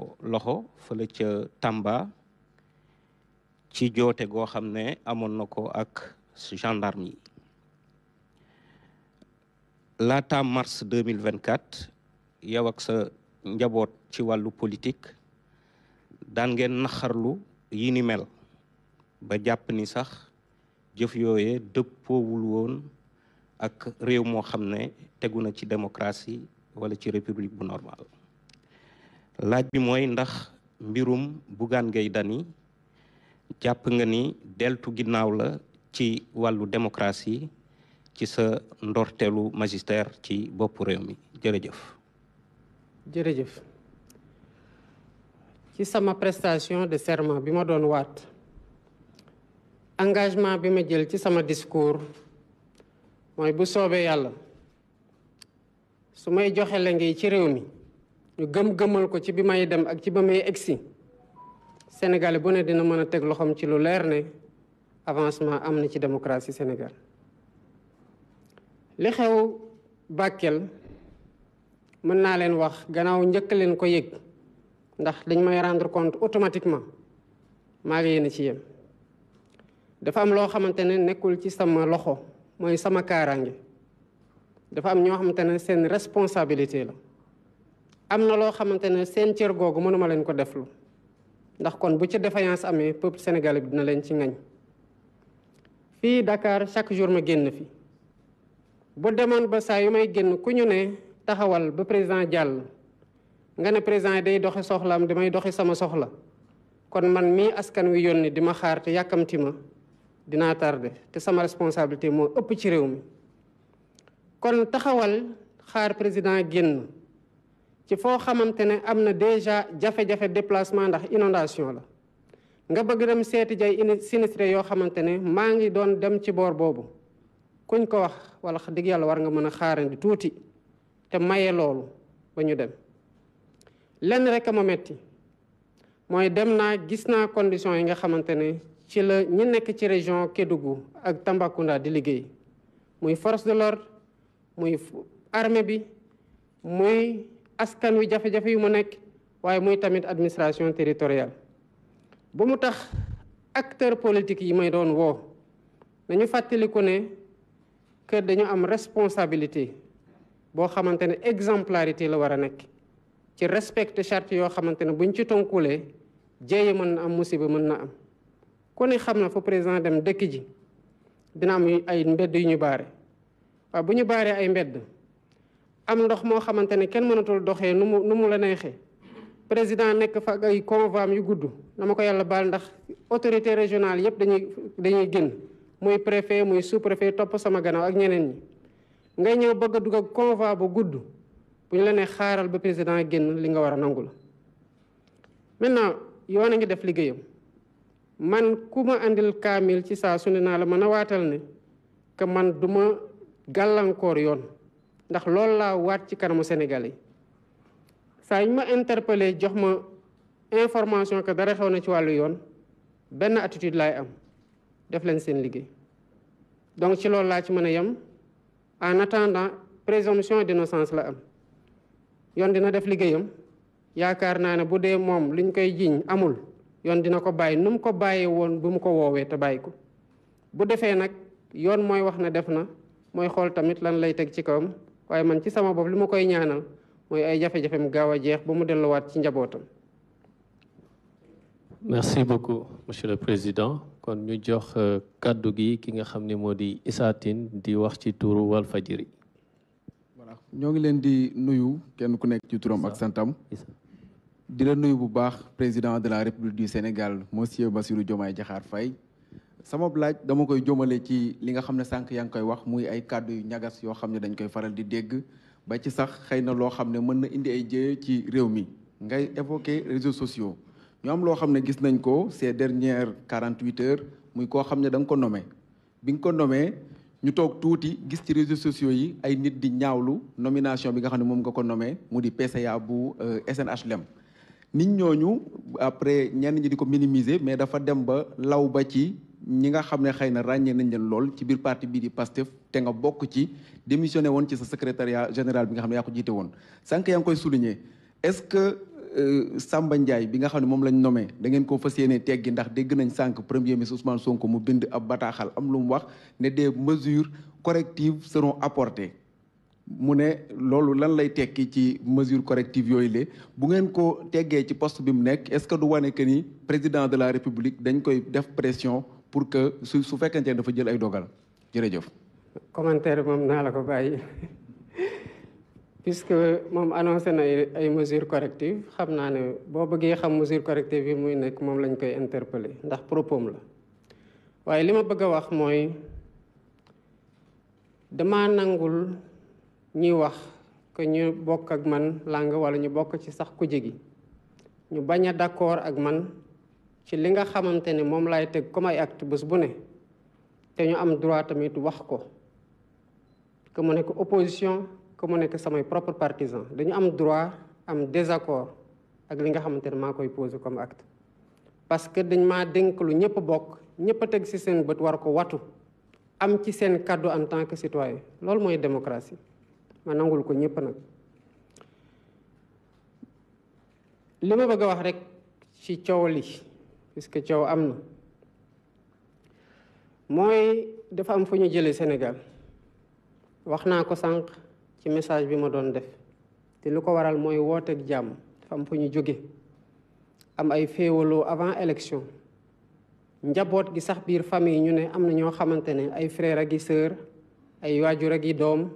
ko loxo fële ca Tamba ci joote goo xam ne amoon na ko ak gendarme yi laata mars 2024 yow ak sa njaboot ci wàllu politik daan ngeen naxarlu yi mel ba jàpp ni sax jëf yooye dëppoowul woon ak réew moo xam ne tegu na ci démocratie wala ci république bu normal laaj bi mooy ndax mbirum Bougane Gueye dani jàpp nga ni deltu ginnaaw la ci wàllu démocratie ci sa ndorteelu magistère ci boppu réew mi jërëjëf jërëjëf ci sama prestation de serment bi ma doon waat engagement bi ma jël ci sama discours mooy bu soobee yàlla su may joxe la ngi ci réew mi ñu gëm-gëmal ko ci bi may dem ak ci ba may egsi Sénégal bu ne dina mën a teg loxoom ci lu leer ne avancement am na ci démocratie Sénégal li xew Bakel mën naa leen wax gannaaw njëkk leen ko yëg ndax dañ may rendre compte automatiquement maa ngi yéen ci yem dafa am loo xamante ne nekkul ci sama loxo mooy sama kaaraange dafa am ñoo xamante ne seen responsabilité la am na loo xamante ne seen cër googu mënuma leen ko deflu ndax kon bu ca défaillance amee peuple sénégalais bi dina leen ci ngañ fii Dakar chaque jour ma génn fi bu demoon ba saa yu may génn ku ñu ne taxawal ba président jàll nga ne président day doxi soxlaam damay doxi sama soxla kon man mii askan wi yónni di ma xaar te yàkkamti ma dinaa tardé te sama responsabilité moo ëpp ci réew mi kon taxawal xaar président génn ci foo xamante ne am na déjà jafe-jafe déplacement ndax inondation la nga bëgg dem seeti jay sinistré yoo xamante ne maa ngi doon dem ci boor boobu kuñ ko wax wala digg yàlla war nga mën a xaarandi tuuti te maye loolu ba ñu dem lenn rek a ma metti mooy dem naa gis naa condition yi nga xamante ne ci la ñi nekk ci région Kédougou ak Tambacounda di liggéey muy force de l'ordre muy armée bi muy askan wi jafe-jafe yu mu nekk waaye muy tamit administration territoriale bu mu tax acteur politique yi may doon woo nañu fàttaliku ne kër dañu am responsabilité boo xamante ne exemplarité la war a nekk ci respecte charte yoo xamante ne buñ ci tonkulee jéeye mën na am musiba mën na am ku ne xam na fa président dem dëkk ji dina am ay mbedd yu ñu baare waaw bu ñu baaree ay mbedd am ndox moo xamante ne kenn mënatul doxee nu mu nu mu la neexee président nekk fa ay convois yu gudd dama ko yàlla baal ndax autorité régionale yëpp dañuy dañuy génn muy préfet muy sous préfet topp sama ganaaw ak ñeneen ñi. ngay ñëw bëgg a dugg ak bu gudd bu ñu la nee xaaral ba président génn li nga war a nangu la maintenant yoon a ngi def liggéeyam man ku ma indil kaamil ci saa su naa la mën a waatal ne que man du ma gàllankoor yoon. ndax loolu laa waat ci kanamu Sénégalais saa ñu ma interpellé jox ma information que dara xew na ci wàllu yoon benn attitude laay am def leen seen liggéey donc ci loolu laa ci mën a yem en attendant présomption d'innocence la am yoon dina def liggéeyam yaakaar naa ne bu dee moom liñ koy jiiñ amul yoon dina ko bàyyi nu mu ko bàyyee woon bu mu ko woowee te bàyyi ko bu defee nag yoon mooy wax ne def na mooy xool tamit lan lay teg ci kawam waaye man ci sama bopp li ma koy ñaanal mooy ay jafe mu gaaw a jeex ba mu delluwaat ci njabootam. merci beaucoup monsieur le président kon ñu jox euh, kàddu gi ki nga xam ni moo di Issa di wax ci turu Walfadjri. voilà ñoo ngi leen di nuyu kenn ku nekk ci turam ak santam. di la nuyu bu baax président de la république du Sénégal monsieur Bassirou jomaay Diakhar fay sama laaj dama koy jëmale ci li nga xam ne sànq yaa ngi koy wax muy ay kàddu yu ñagas yoo xam ne dañ koy faral di dégg ba ci sax xëy na loo xam ne mën na indi ay jéye ci réew mi ngay évoquer réseaux sociaux ñu am loo xam ne gis nañ ko ces dernières quarante huit muy koo xam ne da nga ko nome bi nga ko nommé ñu toog tuuti gis ci réseaux sociaux yi ay nit di ñaawlu nomination bi nga xam ne moom nga ko nommé mu di PCA bu euh, SNHLM nit ñooñu après ñenn ñi di ko minimiser mais dafa dem ba law ba ci ñi nga xam ne xëy na ràññee nañ leen lool ci biir parti bii di Pastef te nga bokk ci démissionné woon ci sa secrétariat général bi nga xam ne yaa ko jiite woon sànq yaa ngi koy souligner est-ce que euh, Samba Ndiaye bi nga xam ne moom lañ nommé da ngeen ko fas yéene teggi ndax dégg nañ sànq premier ministre Ousmane Sonko mu bind ab bataaxal am lu mu wax ne des mesure correctives seron apportées mu ne loolu lan lay tekki ci mesures corrective yooyu le bu ngeen ko teggee ci poste bi mu nekk est-ce que du wane que ni président de la république dañ koy def pression pour que su su fekkente ne dafa jël ay dogal jërëjëf. commentaire moom naa la ko bàyyi que moom annoncé na ay mesures corrective xam naa ne boo bëggee xam mesures correctives yi muy nekk moom lañ koy interpeller ndax propos la waaye li ma bëgg a wax mooy dama nangul ñuy wax que ñu bokk ak man làng wala ñu bokk ci sax ku gi ñu bañ a d'accord ak man. ci li nga xamante ne moom laay teg comme ay acte bés bu ne te ñu am droit tamit wax ko que mu nekk opposition ko mu nekk samay propre partisan dañu am droit am désaccord ak li nga xamante ne maa koy posé comme acte parce que dañ ma dénk lu ñëpp bokk ñëpp a teg ci seen bët war ko watu am ci seen kàddu en tant que citoyen loolu mooy démocratie ma nangul ko ñëpp nag li ma bëgg a wax rek ci coow li puisque coow am na mooy dafa am fu ñu jëlee Sénégal wax naa ko sànq ci message bi ma doon def te lu ko waral mooy wooteeg jàmm dafa am fu ñu jóge am ay féewaloo avant élection njaboot gi sax biir famille ñu ne am na ñoo xamante ne ay frère ak i sœur ay waajur ak i doom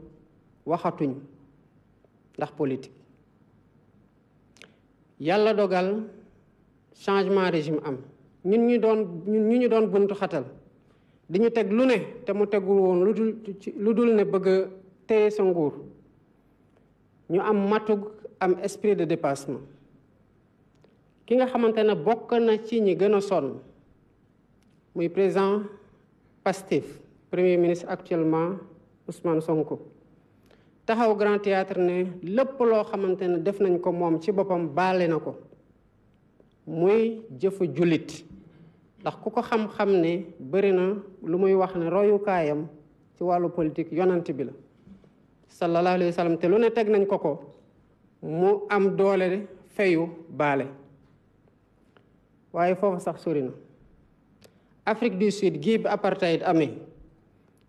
waxatuñ ndax politique yàlla dogal changement régime am ñun ñi doon ñun ñu ñu doon buntu xatal di ñu teg lu ne te mu tegu woon lu dul lu dul ne bëgg a sa nguur ñu am matug am esprit de dépassement ki nga xamante ne bokk na ci ñi gën a sonn muy président Pastef premier ministre actuellement Ousmane Sonko taxaw Grand Théâtre ne lépp loo xamante ne def nañ ko moom ci boppam baale na ko muy jëfu jullit ndax ku ko xam-xam ne bëri na lu muy wax ne royukaayam ci wàllu politique yonant bi la sallallahu alayhi wa te lu ne teg nañ ko ko mu am doole feyu baale waaye foofu sax sori na Afrique du Sud gii bi apartheid amee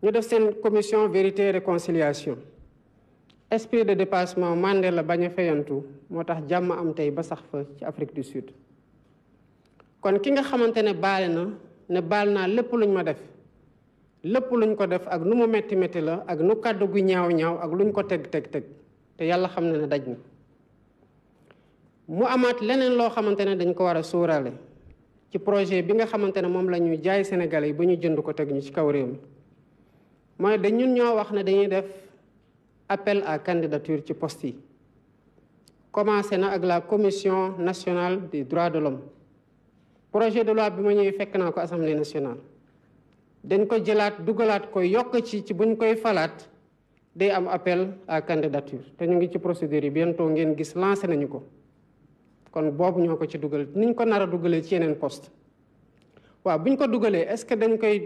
ñu def seen commission vérité réconciliation esprit de dépassement Mandela la bañ a fayantu moo tax jàmm am tey ba sax fa ci Afrique du Sud kon ki nga xamante ne baale na ne baal naa lépp luñ ma def lépp luñ ko def ak nu mu metti metti la ak nu kàddu gu ñaaw ñaaw ak luñ ko teg teg teg te yàlla xam na ne daj na mu amaat leneen loo xamante ne dañ ko war a suuraale ci projet bi nga xamante ne moom la ñuy jaay sénégal yi ba ñu jënd ko teg ñu ci kaw réew mi mooy dañ ñoo wax ne dañuy def appel à candidature ci poste yi commencé na ak la commission nationale des droits de l'homme projet de loi bi ma ñëwee fekk naa ko assemblée nationale dañ ko jëlaat dugalaat ko yokk ci ci buñ koy falaat day am appel à candidature te ñu ngi ci procédure yi bi bientôt ngeen gis lancé nañu ko kon boobu ñoo ko ci dugal niñ ko nar a dugalee ci yeneen post waaw buñ ko dugalee est dañ koy